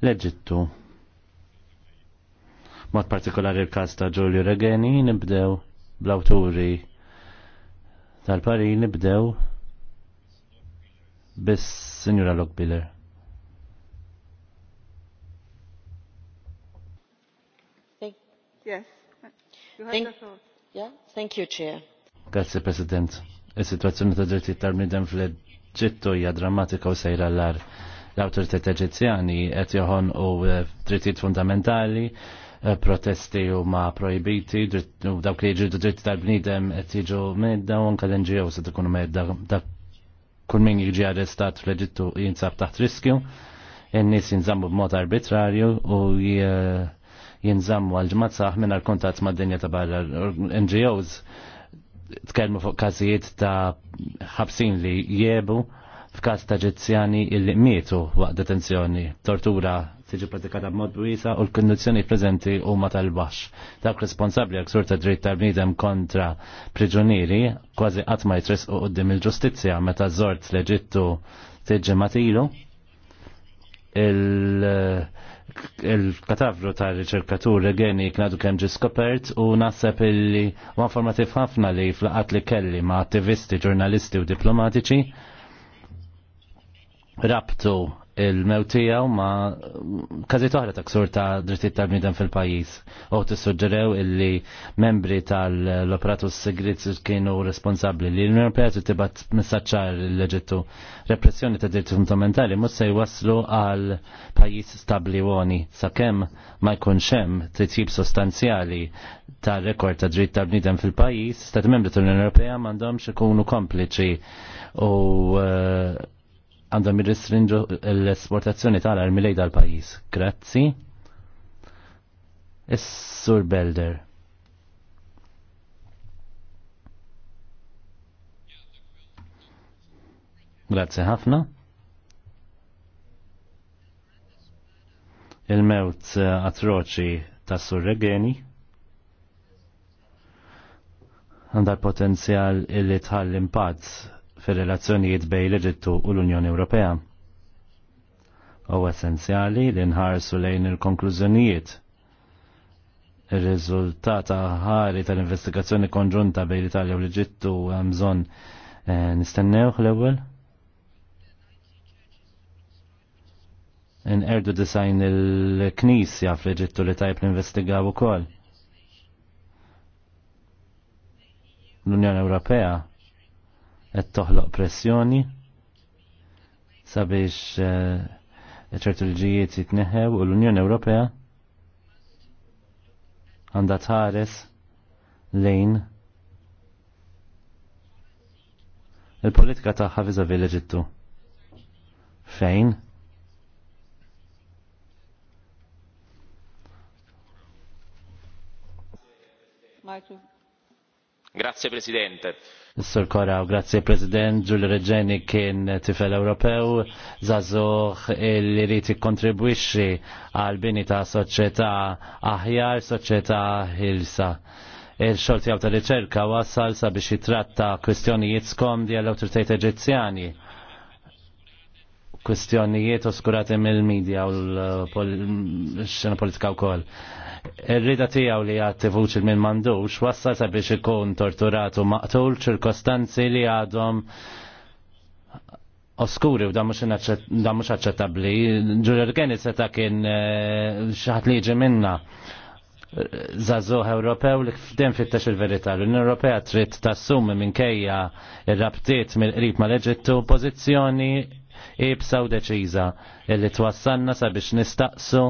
l-Eġittu. Mod partikolari l-kas ta' Giulio Regeni nibdew bl-awturi tal-pari nibdew bis Signora Lockbiller. Yes. Thank, yeah, thank you, Chair. Grazie, President. Is-situazzjoni e ta' dritti tal-midem fl-Eġittu hija drammatika u sejra l-ar l-autoritet eġizzjani qed joħon u eh, drittijiet fundamentali, eh, protesti u ma proibiti, u dawk li jiġu dritti tal-bnidem qed jiġu medda u anke l NGO se tkunu medda dak kull min jiġi arrestat fl-Eġittu jinsab taħt riskju, in-nies jinżammu b'mod arbitrarju u eh, jinżammu għal-ġmat saħ minn għal-kontat ma' dinja ta' barra NGOs tkellmu fuq każijiet ta' ħabsin li jiebu f'każ ta' ġezzjani illi mietu waqt detenzjoni, tortura tiġi pratikata b'mod wiesa u l-kondizzjoni preżenti huma tal-baxx. Dak responsabbli għal sur ta' dritt tal-bniedem kontra priġunieri kważi qatt ma jitresqu qudiem il-ġustizzja meta żort l-Eġittu tiġi matilu il-katavru ta' riċerkatur regeni knadu kem ġi skopert u naħseb illi u informativ ħafna li flaqat li kelli ma' attivisti, ġurnalisti u diplomatiċi rabtu il-mewtijaw ma kazi oħra ta' ksur ta' drittit ta' bnidem fil-pajis. U tissuġġerew illi membri tal-operatus segrit kienu responsabli li l-Unjoni Europea tibat messaċar l leġittu Repressjoni ta' diritti fundamentali mhux se jwaslu għal pajis stabli woni sakemm ma jkunx hemm titjib sostanzjali ta' rekord ta' dritt ta' bnidem fil-pajis, stat membri tal-Unjoni Europea m'għandhomx ikunu kompliċi u eh, għandhom jirrestrinġu l-esportazzjoni tal-armi lejn dal-pajjiż. Grazzi. Is-Sur Belder. Grazzi ħafna. Il-mewt eh, atroċi tas Sur Regeni għandha l-potenzjal illi tħallim pazz fir-relazzjonijiet bejn l-Eġittu u l-Unjoni Ewropea. U essenzjali li nħarsu lejn il-konklużjonijiet il riżultat ħari tal-investigazzjoni konġunta bejn l-Italja u l-Eġittu hemm bżonn eh, nistennewħ l-ewwel. Inqerdu disajn il-Knisja fl-Eġittu li tajb l-investigaw ukoll. L-Unjoni Ewropea qed toħloq pressjoni sabiex eh, ċertu l-ġijiet jitneħew u l-Unjoni Ewropea għandha tħares lejn il-politika tagħha viżavi l-Eġittu. Fejn? Michael. Grazie Presidente. Sur Koraw, grazie President, Giulio Reġeni kien tifel Ewropew, zazuħ li rrit kontribwixi għal bini ta' soċieta aħjar, soċieta ħilsa il-xolti għaw ta' riċerka wasal sabiex jitratta kwestjonijiet di għall autoritajt eġizzjani kwestjonijiet oskurati mill-medja u l-xena politika u koll. Ir-rida tijaw li għatti vuċi minn mandux wassal sabiex ikun torturat u maqtul ċirkostanzi li għadhom oskuri u da mux aċċettabli. Ġurjer kien seta kien eh, xaħat liġi minna zazuħ Ewropew li f'dem fittex il-verità. L-Unjoni Ewropea trid tassumi minkejja ir-rabtiet mill-qrib mal-Eġittu pożizzjoni ibsa u deċiża illi twassalna sabiex nistaqsu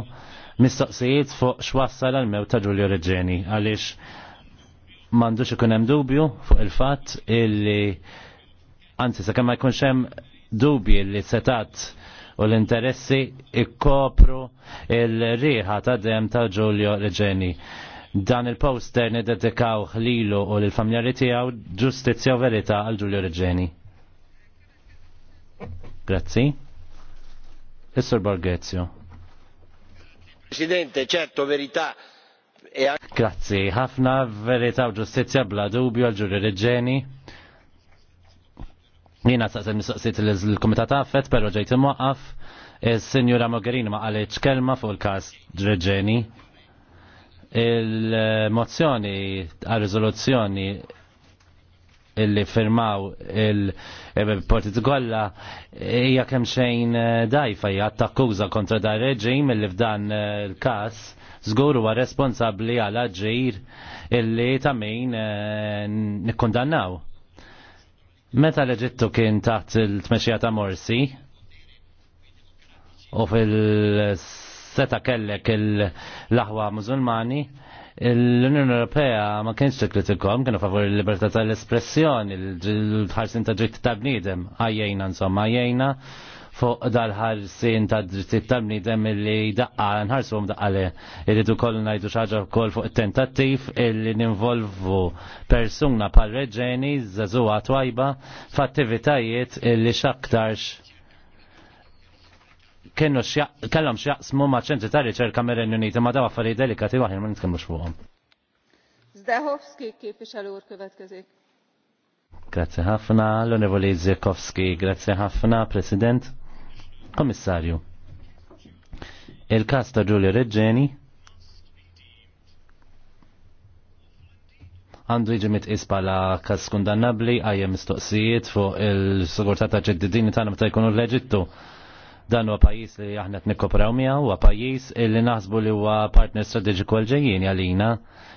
mistoqsijiet fuq x'wassal għal mew ta' Ġulju Reġeni għaliex m'għandux ikun hemm dubju fuq il-fatt illi anzi sakemm ma jkunx hemm dubji li setat u l-interessi ikkopru il-riħa ta' dem ta' Ġulju Reġeni. Dan il-poster nededikaw ħlilu u l-familjari tiegħu ġustizzja u verità għal Ġulju Reġeni. Grazzi. Is-Sur Borghezio. Presidente, certo, verità. E... Grazzi, ħafna verità u ġustizzja bla dubju għal ġuri reġeni. sa' sem mistoqsit l-Komitat Affet, pero ġejt imwaqqaf. il sinjura Mogherini ma qalitx kelma fuq il-każ Dreġeni. Il-mozzjoni għal riżoluzzjoni illi firmaw il-portit kollha hija kemm xejn eh, dajfa hija attakkuża kontra dar reġim illi f'dan eh, il-każ żgur huwa responsabbli għal aġir illi ta' min eh, nikkundannaw. Meta LEġittu kien taħt il tmexija ta' Morsi u fil-seta kellek il-laħwa mużulmani, l-Unjoni Ewropea ma kienx tikritikom, kienu favor il-libertà tal-espressjoni, il-ħarsin ta' dritt ta' bniedem, għajjejna insomma, għajjejna fuq dal-ħarsin ta' dritt ta' bniedem illi daqqa, nħarsu daqqa li rridu kollu najdu xaġa kol fuq tentattiv illi ninvolvu persuna pal reġeni zazuwa twajba f'attivitajiet illi xaktarx kienu kellhom x'jaqsmu ma' ċentri ta' riċerka mir-Renju Uniti ma' daw affarijiet delikati waħin ma nitkellmux fuqhom. Zdehowski képviselő úr következik. Grazie ħafna, l-Onorevoli Zirkowski, grazie ħafna, President, Komissarju. Il-kas ta' Giulio Reggeni għandu iġi mitqis bħala kas kundannabli għajja mistoqsijiet fuq il-sigurtà ta' ġeddidini tagħna meta jkunu l-Eġittu Dan huwa pajjiż li aħna qed nikkopraw miegħu, huwa pajjiż li naħsbu li huwa partner strateġiku għal ġejjin għalina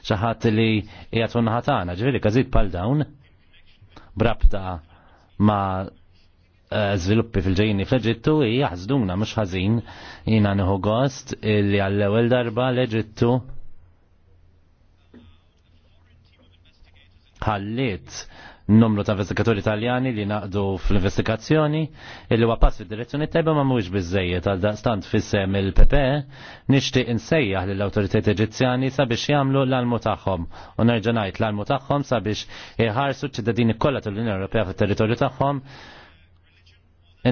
xi ħadd li qiegħed tkun naħa tagħna, ġifieri każid bħal dawn brabta ma' eh, żviluppi fil ġejjini fl-Eġittu hija ħażduna mhux ħażin jiena nieħu gost li għall-ewwel darba l-Eġittu ħalliet numru ta' investigaturi italjani li naqdu fl-investigazzjoni illi huwa pass fid-direzzjoni tajba ma mhuwiex biżejjed għal daqstant fissem il-PPE nixtieq insejjaħ lill awtoritajiet Eġizzjani sabiex jagħmlu l-almu tagħhom u nerġa' ngħid l-almu tagħhom sabiex iħarsu ċ-ċittadini kollha tal-Unjoni Ewropea fit-territorju tagħhom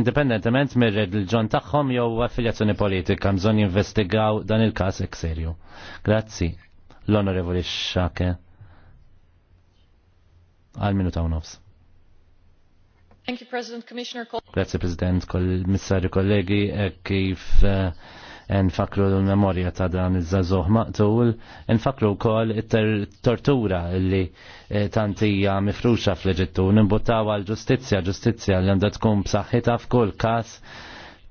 indipendentement mir reliġjon tagħhom jew affiljazzjoni politika bżonn jinvestigaw dan il-każ ek serju. Grazzi. L-Onorevoli Xake għal minuta u nofs. Thank you, President Commissioner Cole. Grazie, President, kommissarju kollegi, e kif e, nfakru l-memoria ta' dan iż-żazuħ maqtul, nfakru kol tortura li e, tantija mifruxa fl-ġittu, nimbuttaw għal-ġustizja, ġustizja li għandha tkun b'saħħitha f'kull kas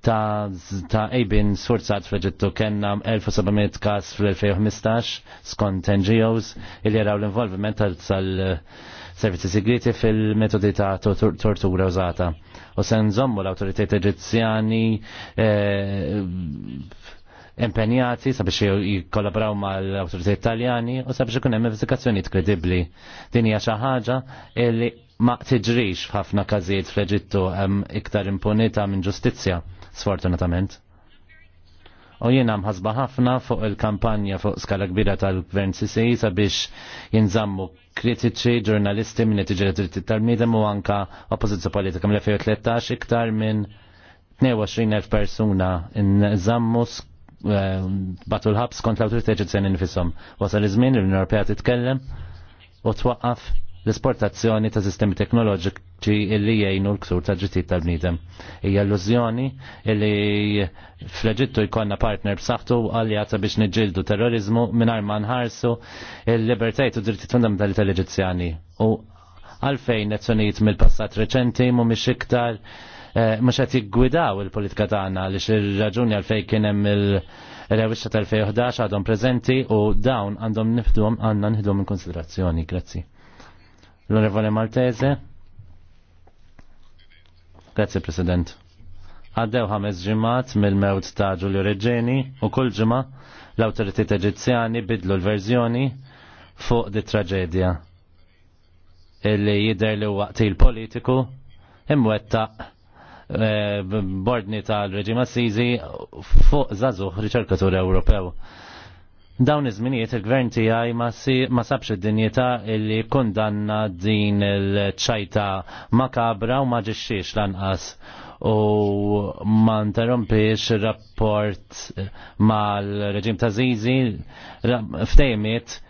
ta' ta' ejbin sforzat fl-ġittu kena 1700 kas fl-2015 skont NGOs il jaraw l-involviment tal servizzi segreti fil-metodi ta' tortura użata. U sen zommu l-autoritet eġizzjani eh, impenjati sabiex jikollabraw mal-autoritet italjani u sabiex ikun hemm investigazzjonijiet kredibbli. Din hija xi ħaġa li ma tiġrix f'ħafna każijiet fl-Eġittu hemm iktar impunita minn ġustizzja, sfortunatament u jiena mħasba ħafna fuq il-kampanja fuq skala kbira tal-Gvern Sisi sabiex jinżammu kritiċi ġurnalisti minn tiġri dritti tal-midem u anka oppożizzju politika mill-2013 iktar minn 22.000 persuna nżammu eh, batu l-ħabs kont l-autorità ġizzjoni nifisom. Wasal iż-żmien l-Unjoni Ewropea titkellem u twaqqaf l-esportazzjoni ta' sistemi teknoloġiċi illi jgħinu l-ksur ta' ġitit tal-bnidem. Hija illużjoni illi fl-Eġittu jkollna partner b'saħħtu għaljata biex niġġieldu terrorizmu mingħajr ma nħarsu l-libertajt u drittijiet fundamentali tal-Eġizzjani. U għalfejn nazzjonijiet mill-passat reċenti mhumiex iktar eh, mhux qed jiggwidaw il-politika tagħna għaliex ir-raġuni għalfejn kien hemm il-rewixxa tal-2011 għadhom preżenti u dawn għandhom nifdhom għandna nħidhom in konsiderazzjoni. Grazzi. L-Onorevole Maltese. Grazie, President. Għaddew ħames ġimmat mill-mewt ta' Giulio Reġeni u kull ġimgħa l-awtoritet Eġizzjani bidlu l-verżjoni fuq di traġedja illi jidher li huwa il-politiku imwettaq eh, bordni tal-reġim Assisi fuq zazuħ riċerkatur Ewropew. Dawn iż-żminijiet il-gvern tiegħi ma sabx id-dinjità li kundanna din il-ċajta makabra u ma ġixxiex lanqas u ma interrompiex rapport mal-reġim ta' Zizi ftejmiet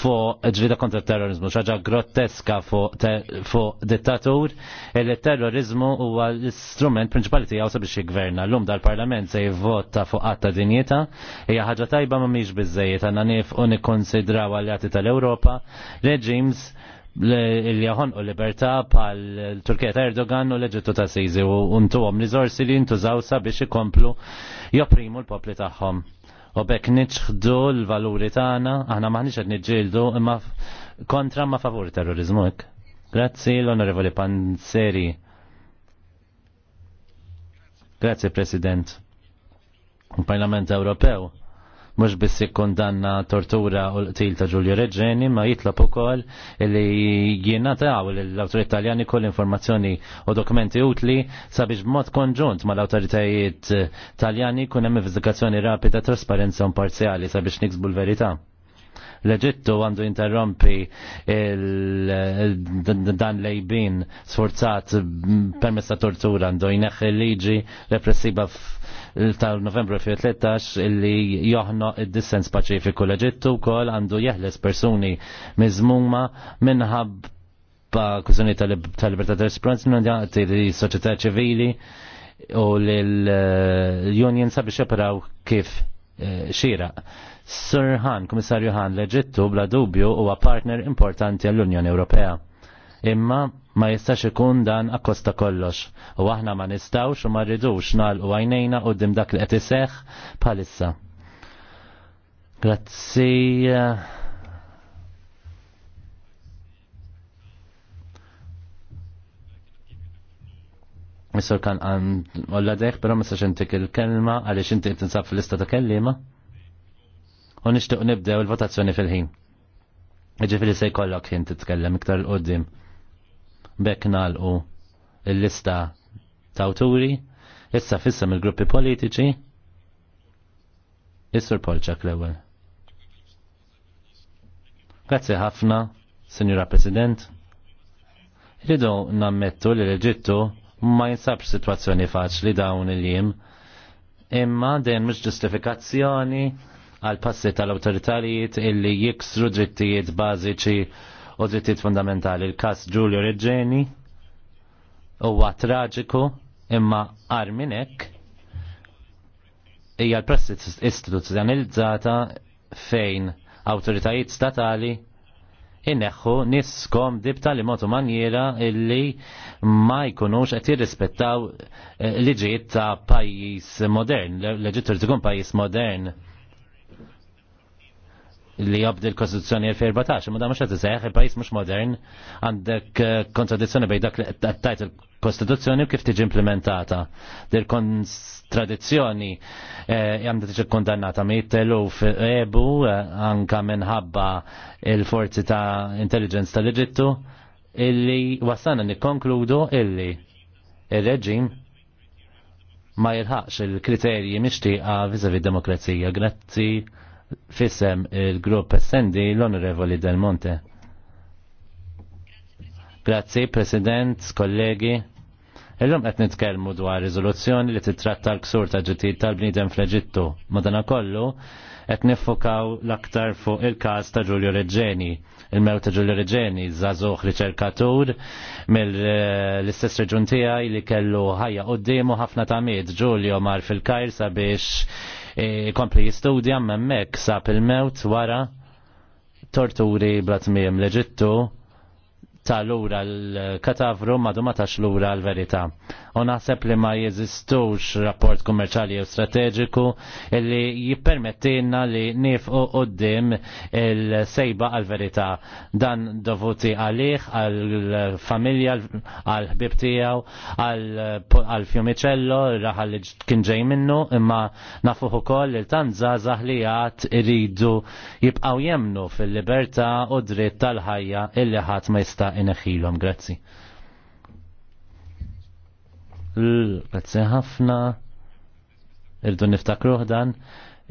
fuq ġvida kontra terrorizmu, xaġa grotteska fuq dittatur, il terrorizmu huwa l-istrument prinċipali tiegħu sabiex jgverna L-lum dal-Parlament se jivvota fuq għatta dinjeta, hija ħaġa tajba ma mhix għanna għandna nifqu nikkonsidraw għaljati tal-Ewropa reġims li jaħon u libertà pal Turkija ta' Erdogan u l-Eġittu ta' Sizi u ntuhom għom li jintużaw sabiex ikomplu jopprimu l-popli tagħhom u bekk niċħdu l-valuri tagħna, aħna maħniċ qed niġġieldu imma kontra ma favur terrorizmu hekk. Grazzi l-Onorevoli Panzeri. Grazzi President. Il-Parlament Ewropew mhux biss ikkundanna tortura u l-qtil ta' Giulio Reġeni, ma jitlob ukoll li jingħataw l-awtorit Taljani kull informazzjoni u dokumenti utli sabiex b'mod konġunt mal awtoritajiet Taljani kun hemm investigazzjoni rapida, trasparenza u parzjali sabiex niksbu l-verità l-Eġittu għandu interrompi dan lejbin sforzat permessa tortura għandu jneħ liġi repressiva tal-Novembru 2013 illi joħno id-dissens paċifiku l-Eġittu kol għandu jeħles persuni mizmuma minħabba kużjoni tal-libertà tal-espressjoni għati li soċjetà ċivili u l-union sabiex joperaw kif Eh, xira. Sir Han, Komissarju Han, l-Eġittu bla dubju huwa partner importanti għall-Unjoni Ewropea. Imma ma jistax ikun dan akkosta kollox, u aħna ma nistawx u ma rridux nagħlqu għajnejna u dim dak li qed iseħħ bħalissa. Grazzi eh, Missur kan għan um, olla deħ, pero ma sax il-kelma, għalix inti tinsab fil-lista ta' kellima. U nishtiq nibdew il-votazzjoni fil-ħin. Ġifiri se jkollok ħin titkellem iktar l-qoddim. Bekk nalqu il-lista ta' awturi, issa fissam il-gruppi politiċi. Issur Polċak l-ewel. Grazie ħafna, Signora President. Ridu nammettu li l-Eġittu ma jinsab situazzjoni faċli dawn il jim Imma den mux ġustifikazzjoni għal passi tal autoritarijiet illi jiksru drittijiet bażiċi u drittijiet fundamentali. Il-kas Giulio Reġeni huwa traġiku imma arminek hija l-prassi istituzzjonalizzata fejn awtoritajiet statali inneħħu niskom dibta li motu manjera illi ma jkunux qed jirrispettaw eh, liġijiet ta' pajjiż modern, liġiet tkun pajjiż modern li jabdi l-Kostituzzjoni 2014, ma da t sejħ il-pajis mux modern, għandek eh, kontradizzjoni bej dak li għattajt il-Kostituzzjoni u kif tiġi implementata. Dir kontradizzjoni eh, għandha tiġi kondannata mi jittelu ebu eh, anka minħabba il-forzi ta' intelligence tal-Eġittu, illi wasana nikkonkludu illi il-reġim ma jilħaqx il-kriterji mixtieqa vizavi demokrazija. Grazzi fissem il-grupp Essendi l-Onorevoli Del Monte. Grazzi, President, kollegi. Illum qed nitkellmu dwar riżoluzzjoni li titratta l-ksur ta' ġitid tal-bniedem fl-Eġittu. Madanakollu qed niffokaw l-aktar fuq il-każ ta' Giulio Reġeni. Il-mew ta' Giulio Reġeni, żagħżugħ riċerkatur mill-istess eh, reġun tiegħi li kellu ħajja u ħafna tamiet. Giulio mar fil-Kajr sabiex kompli jistudja memmek sab il-mewt wara torturi bla tmiem l-Eġittu ta' lura l-katavru madu ma tax lura l-verità. U naħseb li ma jeżistux rapport kummerċali u strateġiku li jippermettilna li u uddim il-sejba għal-verità. Dan dovuti għalih, għal-familja, għal-ħbib tiegħu, għal-fjumicello, raħal li kien ġej minnu, imma nafuħu kol il-tanza zaħlijat iridu jibqaw jemnu fil-libertà u dritt tal-ħajja illi ħadd ma jista' jista' grazzi. Grazzi ħafna irdu niftakruh dan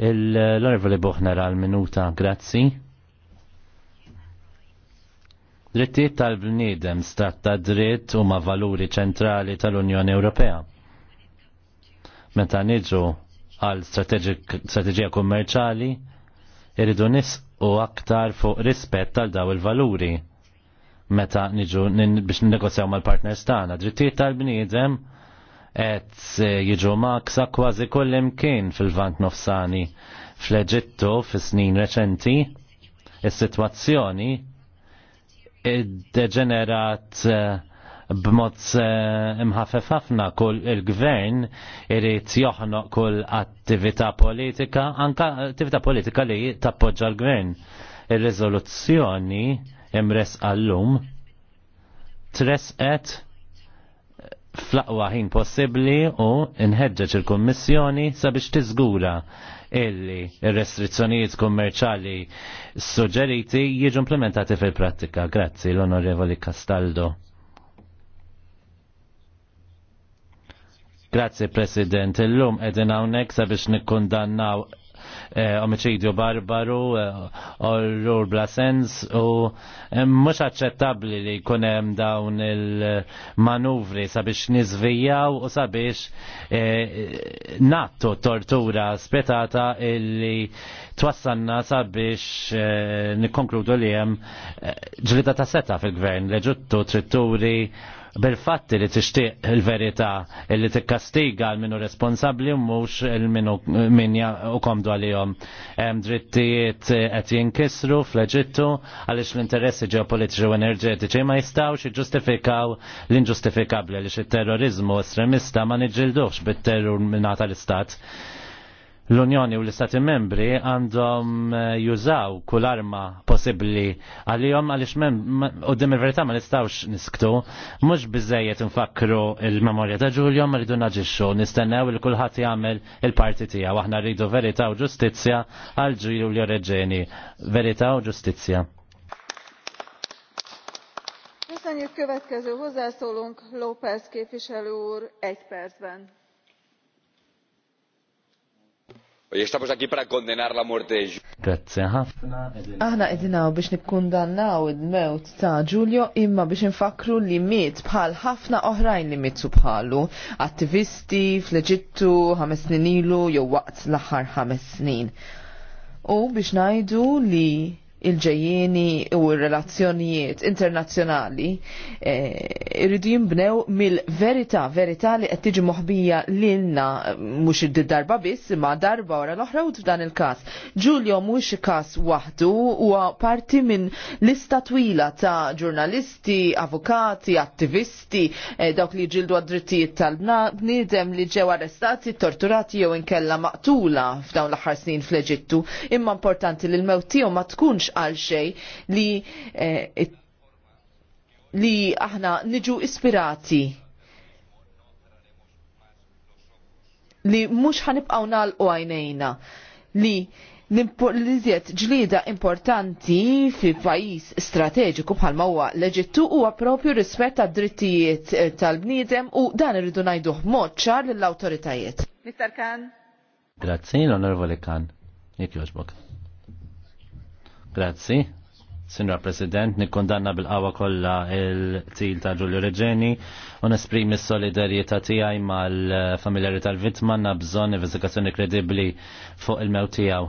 l-arvoli boħner għal minuta grazzi. Drittijiet tal-bniedem stat ta' dritt huma valuri ċentrali tal-Unjoni Ewropea. Meta niġu għal strateġija kummerċali, irridu u aktar fuq rispett tal daw il-valuri meta niġu biex negozjaw mal-partners tagħna. Drittijiet tal-bniedem qed jiġu maksa kważi kull imkien fil-Vank Nofsani fl-Eġittu fis-snin reċenti is-sitwazzjoni id-deġenerat eh, b'mod eh, imħaffef ħafna kull il-gvern irid joħnoq kull attività politika, anka attività politika li tappoġġa l-gvern. Ir-riżoluzzjoni imres għallum tresqet flaqwa ħin possibli u nħedġeġ il-Kommissjoni sabiex tiżgura illi il-restrizzjonijiet kummerċali suġġeriti jiġu implementati fil-prattika. Grazzi l-Onorevoli Castaldo. Grazzi President, illum edin hawnhekk sabiex nikkundannaw Eh, omicidju barbaru, eh, orrur rur blasens u eh, mhux aċċettabbli li jkun hemm dawn il-manuvri sabiex niżvijaw u sabiex nattu tortura spetata illi twassanna sabiex nikkonkludu li hemm ġlida ta' seta fil-gvern, leġuttu tritturi bil-fatti li tixtieq il-verità li tikkastiga l minu responsabbli mhux il-minu min u komdu għalihom. Hemm drittijiet qed jinkisru fl-Eġittu għaliex l-interessi ġeopolitiċi u enerġetiċi ma jistgħux jiġġustifikaw l-inġustifikabbli għaliex it-terrorizmu estremista ma nġilduħx bit-terrur mingħata l-istat l-Unjoni u l-Istati membri għandhom eh, jużaw kull arma possibbli għalihom għaliex u dim il-verità ma nistawx nisktu, mhux biżejjed nfakru il-memorja ta' Ġulju ma rridu naġixxu, nistennew li kulħadd jagħmel il-parti tiegħu, aħna rridu verità u ġustizzja għal Ġulju Reġeni, verità u ġustizzja. Köszönjük következő hozzászólunk López képviselő úr egy percben Oye, estamos aquí para la muerte Grazie ħafna. Aħna edinaw biex nikkundannaw id-mewt ta' Giulio imma biex infakru li miet bħal ħafna oħrajn li mietu bħalu. Attivisti fl-Eġittu ħames snin ilu jew waqt l-aħħar ħames snin. U biex najdu li il-ġejjini u relazzjonijiet internazzjonali eh, irridu jimbnew mill-verità, verità li qed tiġi moħbija lilna mhux id-darba biss ma darba wara l-oħra u f'dan il-każ. Giulio mhux każ waħdu huwa parti minn lista twila ta' ġurnalisti, avukati, attivisti, eh, dawk li ġildu għad-drittijiet tal-bniedem li ġew arrestati, torturati jew inkella maqtula f'dawn l-aħħar snin fl-Eġittu. Imma importanti li l-mewt tiegħu ma tkunx għal xej li eh, li aħna niġu ispirati li mhux ħanibqgħu nagħlqu għajnejna li l-iżjed ġlida importanti fi pajis strateġiku bħal huwa l-Eġittu huwa propju rispett tad drittijiet eh, tal-bniedem u dan irridu ngħiduh mod ċar lill-awtoritajiet. Mr. Kan. Grazzi, l-Onorevoli Kan. Jek joġbok. Grazzi. Sinra President, nikkondanna bil-qawa kollha il-til ta' Ġulju Reġeni u nesprimi s-solidarjetà tiegħi mal-familjari tal-vittma na bżonn investigazzjoni kredibbli fuq il-mew tiegħu.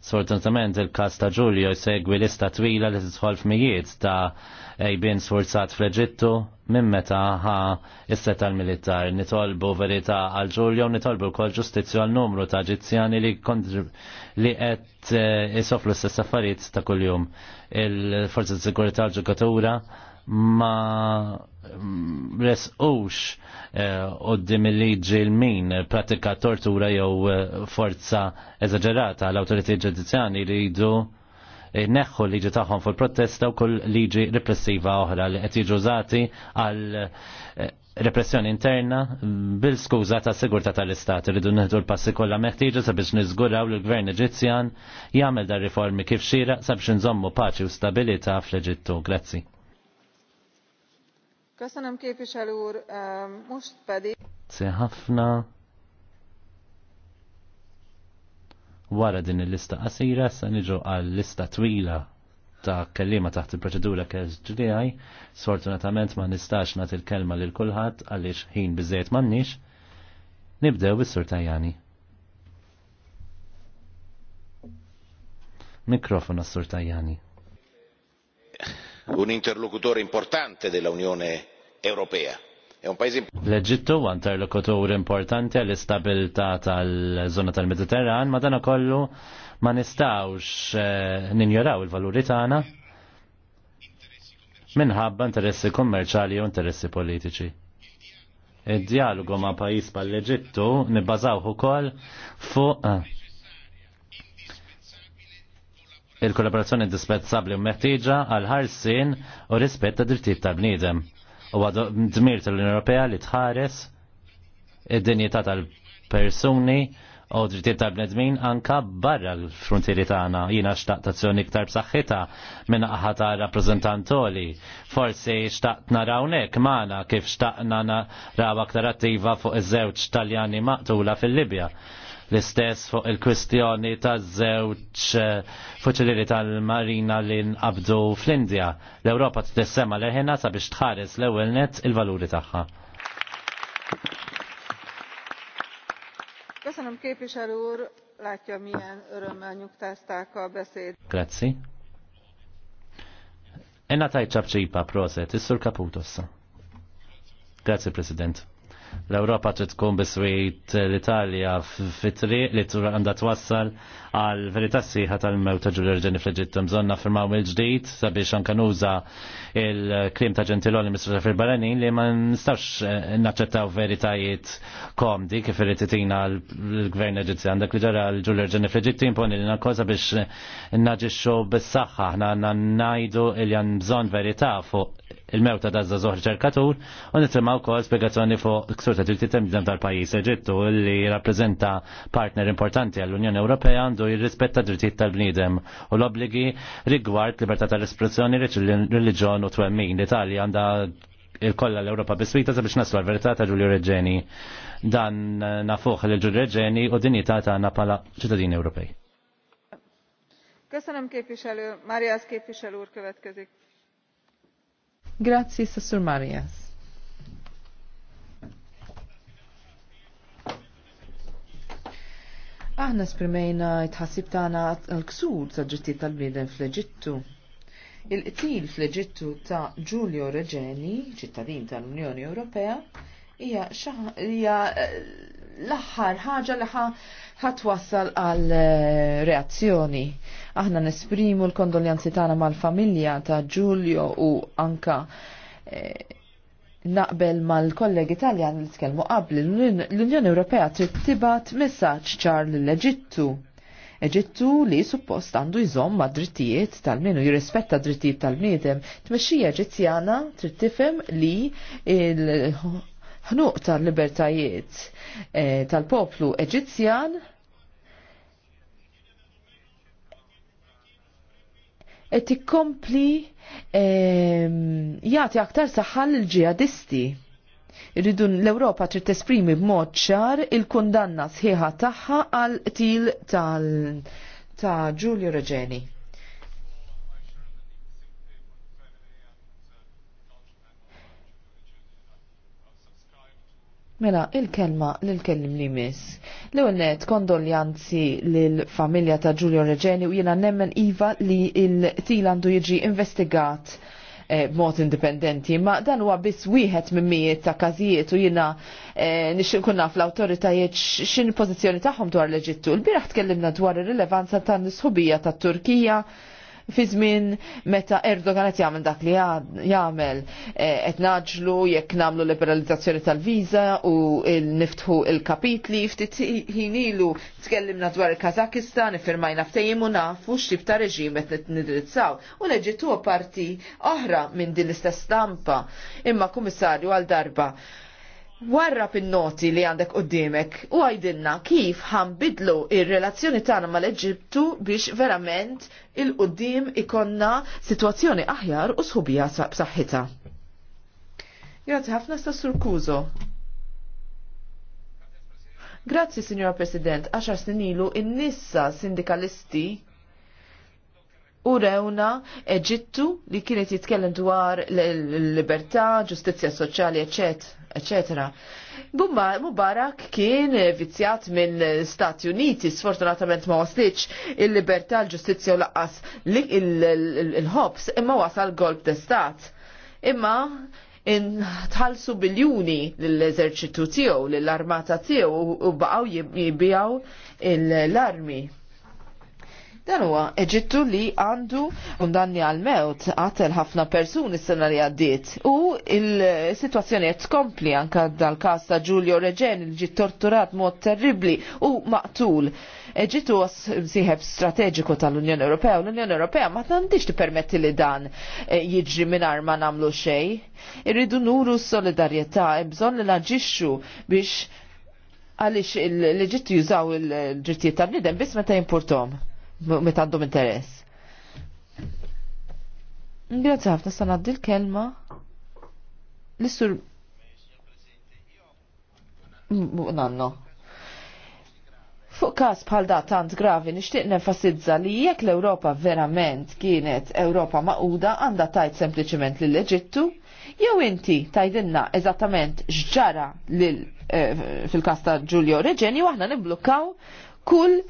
Sfortunatament il-kas ta' Ġulju jsegwi lista twila li tidħol f'mijiet ta' ejbin sforzat fl-Eġittu minn meta ħa isseta l-militar. Nitolbu verità għal Ġulju nitolbu wkoll ġustizzju għal numru ta' Ġizzjani li li qed eh, isoflu s-sess affarijiet ta' kuljum. Il-Forza Sigurità l-Ġukatura ma resqux u eh, dimiliġi l-min pratika tortura jew eh, forza eżagerata l awtoriti ġudizzjani li jridu eh, neħħu liġi tagħhom fuq protesta u kull liġi repressiva oħra li qed jiġu użati għal eh, repressjoni interna bil-skuża ta' sigurta tal-Istat irridu neħdu l-passi kollha meħtieġa sabiex niżguraw li l-Gvern Eġizzjan jagħmel dar riformi kif xira sabiex nżommu paċi u stabilità fl-Eġittu. Grazzi. Köszönöm képviselő úr, most pedig... ħafna wara din il-lista qasira se niġu għal lista twila ta' kellima taħt il-proċedura kez ġdijaj, sfortunatament ma nistax nagħti il-kelma lil kulħadd għaliex ħin biżejt m'għandniex. nibdew bis-sur Tajani. Mikrofon għas-sur Tajani un interlokutore importante dell'Unione Europea. È un paese L-Eġittu huwa interlokutur importanti għall-istabilità tal-żona tal-Mediterran, ma dan kollu ma nistgħux eh, ninjoraw il-valuri tagħna minħabba interessi kummerċali u interessi politiċi. Id-dialogu ma' pajis pal-Eġittu nibbażawh ukoll fuq eh, il-kollaborazzjoni indispensabbli u meħtieġa għal ħarsin u rispett ta' drittijiet tal-bniedem u għadu dmir tal-Unjoni Ewropea li tħares id-dinjità tal-persuni u drittijiet tal-bnedmin anka barra l-frontieri tagħna. Jiena xtaqt azzjoni iktar b'saħħitha minn aħħa ta' rappreżentantoli. Forsi xtaqt naraw hekk magħna kif xtaqna naraw aktar attiva fuq iż-żewġ Taljani maqtula fil-Libja. L-istess fuq il-kwistjoni ta' żewġ eh, fuċiliri tal-marina li nqabdu fl-Indja. L-Ewropa t-tessema leħena sabiex tħares l ewwel net il-valuri tagħha. Köszönöm képviselő úr, látja milyen örömmel nyugtázták a beszéd. Grazie. Enna tajċab ċipa, proset, is-sur kaputossa. Grazie, President l-Europa trid tkun biswejt l-Italja fit-triq li għandha twassal għal verità sieħa tal mewt ta' Ġulju Reġeni fl-Eġittu mżonna firmaw il-ġdid sabiex anke nuża il-krim ta' ġentiloni misru fil Balanin li ma nistax eh, naċċettaw veritajiet komdi kif irid titina l-Gvern Eġizzjan. Dak li ġara l-Ġulju Reġeni fl-Eġittu imponi li kosa biex naġixxu bis-saħħa aħna ngħidu li hemm bżonn verità fuq il-mewta da' zazoħ ċerkatur, u nitrimaw kol spiegazzjoni fuq ksur ta' ġilti temġdem tal-pajis Eġittu li rappresenta partner importanti għall-Unjoni Ewropea għandu jirrispetta drittijiet tal-bnidem u l-obligi rigward libertà tal-espressjoni, reliġjon u twemmin. L-Italja għandha il-kolla l-Europa biswita sabiex naslu għal-verità ta' Ġulju Reġeni. Dan nafuħ l ġulju Reġeni u dinjità tagħna bħala ċittadini Ewropej. Köszönöm képviselő, Marias képviselő úr következik. Grazzi, Sassur Marias. Aħna sprimejna tħassib tagħna l-ksur ta' ġittijiet tal-bniedem fl-Eġittu. Il-qtil fl-Eġittu ta' Giulio Reġeni, ċittadin tal-Unjoni Ewropea, hija eh, l-aħħar ħaġa l-aħħar ħatwassal wassal għal eh, reazzjoni. Aħna nesprimu l-kondoljanzi tagħna mal-familja ta' Giulio u anka eh, naqbel mal-kollegi Taljan li tkellmu qabli l-Unjoni Ewropea trid tibat messaġġ ċar l-Eġittu. Eġittu li suppost għandu jżomm ma' drittijiet tal-minu, jirrispetta drittijiet tal-bniedem. Tmexxija Eġizzjana trid tifhem li ħnuq tal-libertajiet eh, tal-poplu Eġizzjan et ikkompli eh, jagħti aktar saħħal il-ġihadisti. Irridu l-Ewropa trid tesprimi b'mod ċar il-kundanna sħiħa tagħha għal til tal ta' Giulio Reġeni. Mela, il-kelma l-kellim li miss. L-ewnet kondoljanzi l-familja ta' Giulio Reġeni u jena nemmen Iva li il tilandu għandu jiġi investigat eh, b'mod indipendenti, ma dan huwa biss wieħed minn mijiet ta' każijiet u jiena eh, nixin kunna naf awtoritajiet x'in pożizzjoni tagħhom dwar l-Eġittu. Il-bieraħ tkellimna dwar ir-rilevanza tan-nisħubija tat-Turkija fi żmien meta Erdogan qed jagħmel dak li jagħmel e, qed naġlu jekk nagħmlu liberalizzazzjoni tal-viża u niftħu il-kapitli ftit ħin ilu tkellimna dwar il-Kazakistan iffirmajna ftehim u nafu x'tib ta' reġim qed nidrizzaw u leġitu parti oħra minn din l-istess stampa. Imma kummissarju għal darba Warra pin noti li għandek qoddimek u għajdinna kif ħambidlu ir-relazzjoni tagħna mal eġiptu biex verament il-qoddim ikonna sitwazzjoni aħjar u sħubija b'saħħitha. Grazie ħafna sta' surkużo. Grazzi, Signora President, għaxar snin ilu in-nissa sindikalisti u rewna Eġittu li kienet jitkellem dwar l-libertà, ġustizzja soċjali, eċetera. Mubarak kien vizzjat minn Stati Uniti, sfortunatament ma waslitx il-libertà, l-ġustizzja u laqqas il-ħobs, imma wasal golb t-Estat. Imma tħalsu biljuni l-eżerċitu tiegħu, l-armata tiegħu u baqgħu jibbijaw l-armi. Dan huwa Eġittu li għandu kundanni għal mewt għatel ħafna persuni s-sena li għaddiet. U il-situazzjoni qed tkompli anka dal-każ ta' Giulio Reġen li ġi torturat mod terribli u maqtul. Eġittu għas siħeb strateġiku tal-Unjoni Ewropea u l-Unjoni Ewropea ma tantix permetti li dan e, jiġri minar ma namlu xej. Irridu nuru s-solidarjetà, bżon li naġixxu biex għalix il ġittu jużaw il-ġitti tal-bnidem bis meta jimportom meta għandhom interess. Grazie ħafna sa ngħaddi l-kelma l-sur nanno. Fuq każ bħal da tant gravi nixtieq nenfasizza li jekk l-Ewropa verament kienet Ewropa maquda għandha tajt sempliċement lil eġittu jew inti tajdinna eżattament x'ġara lil eh, fil-każ ta' Giulio Reġeni u aħna niblukkaw kull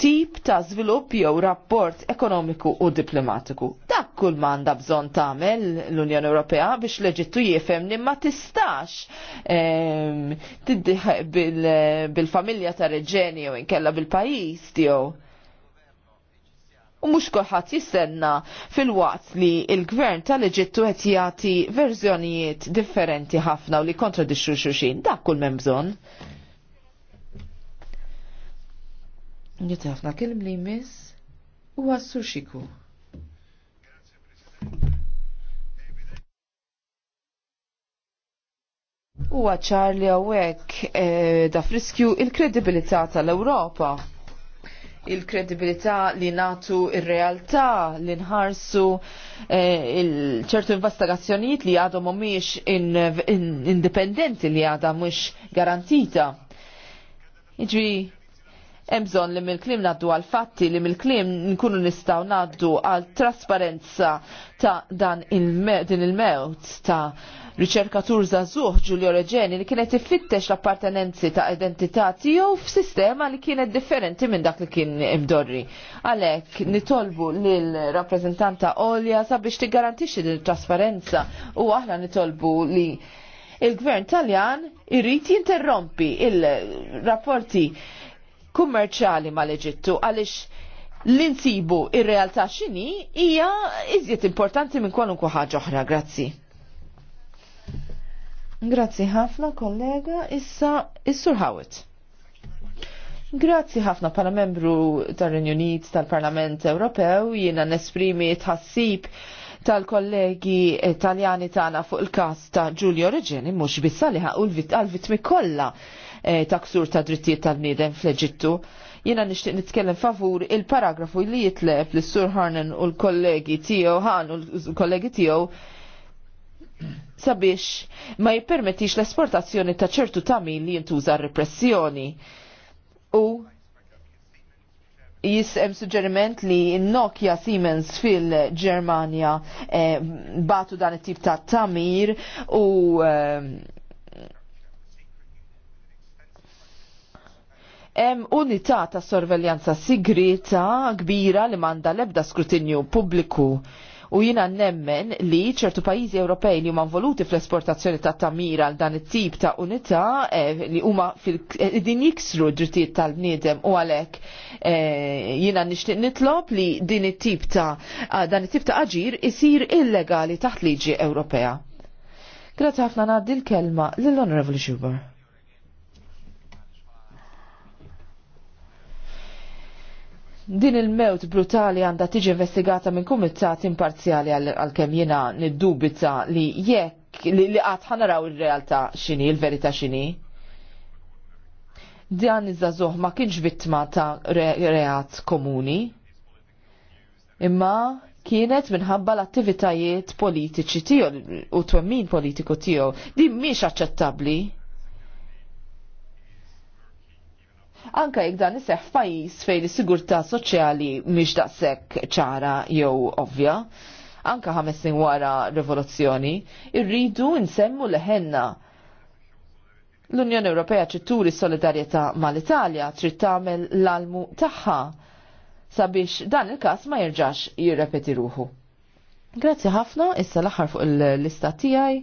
tip ta' żvilupp jew rapport ekonomiku u diplomatiku. Dak kull manda bżonn tagħmel l-Unjoni Ewropea biex l-Eġittu jifhem li ma tistax ehm, tiddiħ bil-familja ta' reġeni jew inkella bil-pajjiż tiegħu u mhux kulħadd jistenna fil-waqt li il-gvern tal-Eġittu qed jagħti verżjonijiet differenti ħafna u li kontradixxu xulxin dak kull hemm bżonn. Njitafna kelm li miss u għassu xiku. U għacċar li għawek eh, da friskju il-kredibilità tal-Europa. Il-kredibilità li natu il-realtà li nħarsu eh, il-ċertu investigazzjonijiet li għadhom mhumiex in, indipendenti li għadha mhux garantita. Iġri, emżon bżonn li mill-kliem naddu għal fatti li mill-kliem nkunu nistgħu ngħaddu għal trasparenza ta' dan il din il-mewt ta' riċerkatur żagħżugħ Giulio Reġeni li kienet ifittex l-appartenenzi ta' identità tiegħu f'sistema li kienet differenti minn dak li kien imdorri. Għalhekk nitolbu lil rappreżentanta Olja sabiex tiggarantixxi din trasparenza u aħna nitolbu li il-gvern Taljan irrid jinterrompi il-rapporti kummerċali mal-Eġittu għaliex l-insibu ir-realtà x'inhi hija iżjed importanti minn kwalunkwe ħaġa oħra. Grazzi. Grazzi ħafna kollega, issa is-Sur Hawit. Grazzi ħafna pala membru tar renjonit tal-Parlament Ewropew jiena nesprimi tħassib tal-kollegi italjani tagħna fuq il-każ ta' Giulio Reġeni mhux bissa li għal-vitmi kollha eh, ta' ksur ta' drittijiet tal-bniedem fl-Eġittu. Jiena nixtieq nitkellem favur il-paragrafu li jitleb lis sur Harnan u l-kollegi tiegħu ħan u l-kollegi tiegħu sabiex ma jippermettix l-esportazzjoni ta' ċertu tamil li jintuża repressjoni jisem suġġeriment li Nokia Siemens fil-Germania eh, batu dan it-tip ta' tamir u eh, Hemm unità ta' sorveljanza sigrita kbira li m'għandha l-ebda skrutinju pubbliku u jina nemmen li ċertu pajizi Ewropej li huma involuti fl-esportazzjoni ta' tamira għal dan it-tip ta' unità eh, li huma eh, din jiksru drittijiet tal-bniedem u għalhekk jiena eh, jina nixtieq nitlob li din it-tip ta' ah, dan it-tip ta' aġir isir illegali taħt liġi Ewropea. Grazie ħafna ngħaddi l-kelma lill-Honorable Schubert. din il-mewt brutali għanda tiġi investigata minn kumitat imparzjali għal-kem jena niddubita li jekk li għad ħanaraw il-realtà xini, il-verita xini. Dan iż-żazuħ ma kienx vittma ta' reat komuni, imma kienet minħabba l-attivitajiet politiċi tiegħu u twemmin politiku tiegħu. Din mhix aċċettabbli. Anka jek dan iseħ f'pajjiż fejn li sigurtà soċjali mhix daqshekk ċara jew ovvja, anka ħamessin wara rivoluzzjoni, irridu nsemmu leħenna L-Unjoni Ewropea ċitturi turi solidarjetà mal-Italja trid tagħmel l-almu tagħha sabiex dan il-każ ma jerġax jirrepeti ruħu. Grazzi ħafna, issa l-aħħar fuq il-lista tiegħi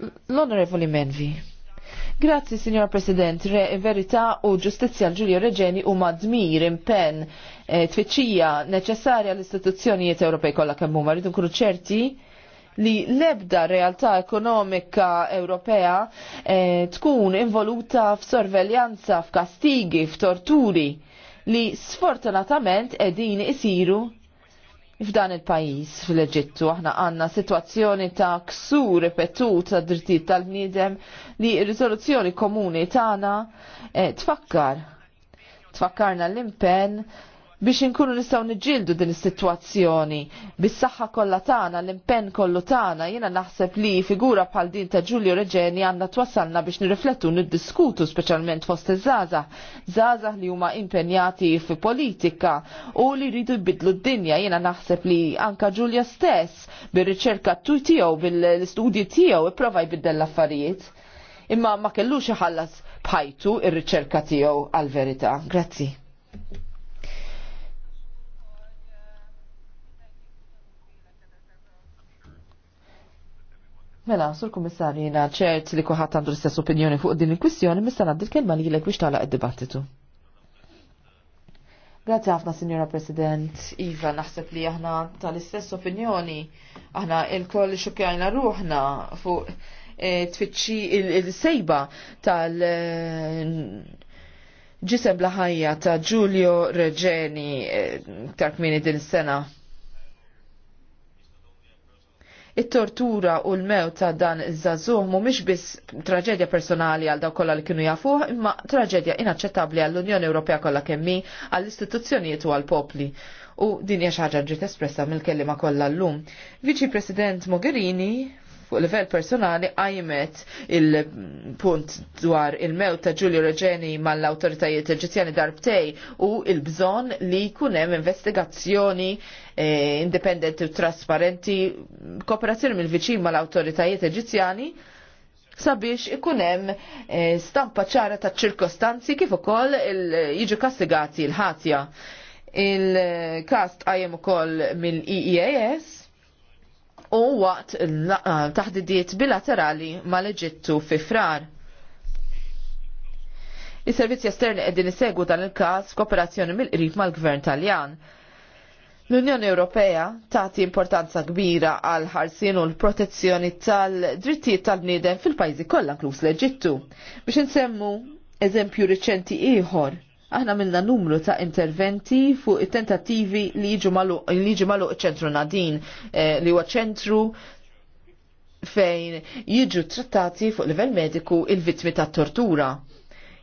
L-Onorevoli Menvi. Grazzi, Signor President. Re, verità u ġustizja l-Ġulio Reġeni u madmir impen e, eh, tfittxija neċessarja l-istituzzjonijiet Ewropej kollha kemm huma rridu nkunu ċerti li l-ebda realtà ekonomika Ewropea e, tkun involuta f'sorveljanza, f'kastigi, f'torturi li sfortunatament edin isiru f'dan il-pajis fil-Eġittu aħna għanna situazzjoni ta' ksur ripetut ta' drittijiet tal-bniedem li r-riżoluzzjoni komuni tagħna eh, tfakkar. Tfakkarna l-impenn biex inkunu nistgħu niġġieldu din is-sitwazzjoni bis-saħħa kollha tagħna, l-impenn kollu tagħna, jiena naħseb li figura bħal din ta' Giulio Reġeni għandna twassalna biex nirriflettu niddiskutu speċjalment fost iż-żaża, żgħażagħ li huma impenjati fi politika u li jridu jbidlu d-dinja. Jiena naħseb li anka Giulia stess bir-riċerka tiegħu bil-istudji tiegħu ipprova jbiddel l-affarijiet imma ma kellux iħallas bħajtu ir-riċerka tiegħu għal-verità. Grazzi. Mela, sur kummissarju jina ċert li kuħat għandu l-istess opinjoni fuq din il-kwistjoni, mistan għaddi l-kelma li jilek biex tala id-dibattitu. Grazie ħafna, Signora President. Iva, naħseb li aħna tal-istess opinjoni. Aħna il-koll xukjajna ruħna fuq e, tfittxi il-sejba tal- e, ġisem laħajja ta' Giulio Reġeni e, tarkmini ta' kmini din sena it-tortura u l-mew ta' dan iż-żazuh mhumiex biss traġedja personali għal dawk kollha li kienu jafuh, imma traġedja inaċċettabbli għall-Unjoni Ewropea kollha kemmi, għall-istituzzjonijiet u għall-popli u din hija xi ħaġa ġiet espressa mill-kelliema kollha llum. Viċi President Mogherini fuq livell personali għajmet il-punt dwar il-mewt ta' Giulio Reġeni mal-autoritajiet il-ġizjani darbtej u il-bżon li kunem investigazzjoni eh, indipendenti u trasparenti kooperazzjoni mill-viċin mal-autoritajiet eġizjani sabiex ikunem eh, stampa ċara ta' ċirkostanzi kif ukoll jiġu kastigati l-ħatja. Il-kast għajem ukoll mill-EEAS u waqt eh, taħdidiet bilaterali mal-Eġittu fi frar. Is-servizzi esterni qegħdin segu dan il-każ kooperazzjoni mill-qrib mal-Gvern Taljan. L-Unjoni Ewropea tagħti importanza kbira għal ħarsien u l-protezzjoni tal-drittijiet tal-bniedem fil-pajjiżi kollha inkluż l-Eġittu. Biex insemmu eżempju riċenti ieħor Aħna minna numru ta' interventi fuq it-tentattivi li jiġu malu ċentru nadin eh, li huwa ċentru fejn jiġu trattati fuq livell mediku il-vittmi ta' tortura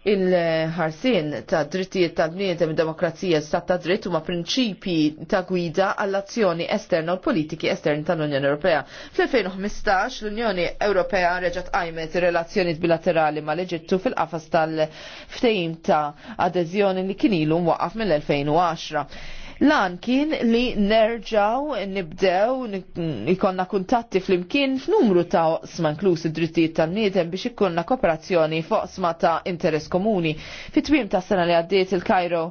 il-ħarsin ta' drittijiet tal-bniedem demokrazija stat ta' dritt huma prinċipji ta' gwida għall-azzjoni esterna u l-politiki esterni tal-Unjoni Ewropea. Fl-2015 l-Unjoni Ewropea reġgħet qajmet relazzjonijiet bilaterali mal eġittu fil-qafas tal-ftehim ta' adeżjoni li kien ilu mwaqaf mill-2010. Lan kien li nerġaw nibdew ikonna kuntatti fl-imkien f'numru ta' oqsma inklusi id-drittijiet tan niedem biex ikunna kooperazzjoni f'oqsma ta' interess komuni. Fit-twim ta' sena li għaddiet il-Kajro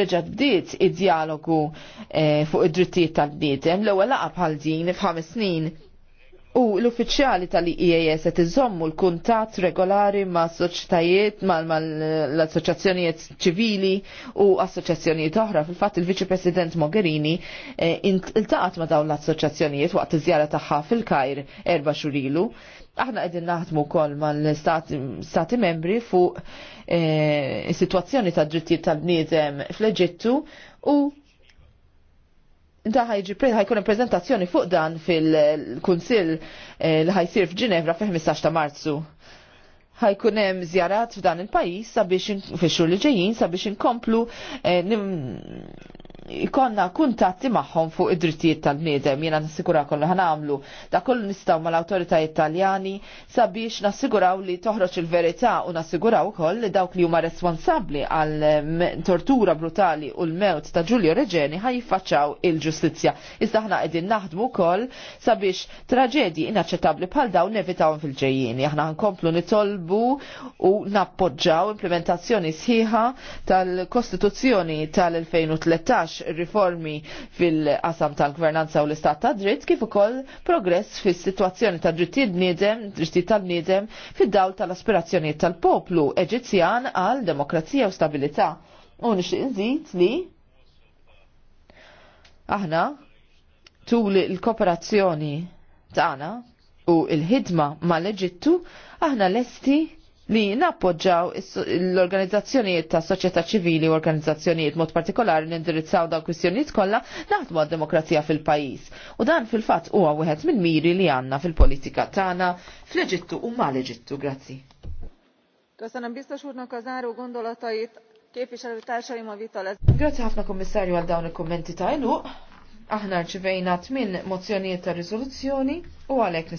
reġa bdiet id-dialogu eh, fuq id-drittijiet tal-niedem l-ewwel laqa bħal din f'ħames snin U l-uffiċjali tal-IAS qed iżommu l-kuntatt regolari ma' soċjetajiet mal-assoċjazzjonijiet ċivili u assoċjazzjonijiet oħra. Fil-fatt il-Viċi President Mogherini eh, iltaqat ma' dawn l-assoċjazzjonijiet waqt iż-żjara tagħha fil-Kajr erba' xurilu. Aħna qegħdin naħdmu wkoll mal-Stati membri fuq eh, is-sitwazzjoni tad-drittijiet tal-bniedem fl-Eġittu u da ħajġi ħajkun prezentazzjoni fuq dan fil-Kunsill eh, li ħajsir f'Ġinevra fil-15 ta' Marzu. Ħajkun hemm żjarat f'dan il-pajjiż sabiex fix-xhur li ġejjin sabiex inkomplu eh, ikonna kuntatti magħhom fuq id-drittijiet tal-bniedem, jiena nassigurakom li ħanamlu da kollu nistgħu mal-awtoritajiet Italjani sabiex nassiguraw li toħroġ il-verità u nassiguraw ukoll li dawk li huma responsabbli għal tortura brutali u l-mewt ta' Giulio Reġeni jiffaċċaw il-ġustizzja. Iżda aħna qegħdin naħdmu wkoll sabiex traġedji inaċċettabbli bħal dawn nevitawhom fil ġejjini Aħna nkomplu nitolbu u nappoġġaw implementazzjoni sħiħa tal-Kostituzzjoni tal-2013 riformi fil-qasam tal-gvernanza u l-istat ta' dritt kif ukoll progress fis-sitwazzjoni ta' dritti bniedem, drittijiet tal-bniedem fid-dawl tal-aspirazzjonijiet tal-poplu Eġizzjan għal demokrazija u stabilità. U nixtieq nżid li aħna tul il-kooperazzjoni tagħna u l-ħidma mal-Eġittu aħna lesti li nappoġġaw l-organizzazzjonijiet ta' soċjetà ċivili u organizzazzjonijiet mod partikolari nindirizzaw dawn kwistjonijiet kollha naħdmu għad-demokrazija fil-pajjiż. U dan fil-fatt huwa wieħed mill-miri li għandna fil-politika tagħna fl-Eġittu u mal-Eġittu. Grazzi. Köszönöm biztos úrnak a záró gondolatait, képviselőtársaim a vita lesz. Grazie ħafna kommissarju għal dawn il-kommenti ta' ilu. Aħna rċivejna tmin mozzjonijiet ta' riżoluzzjoni u għalhekk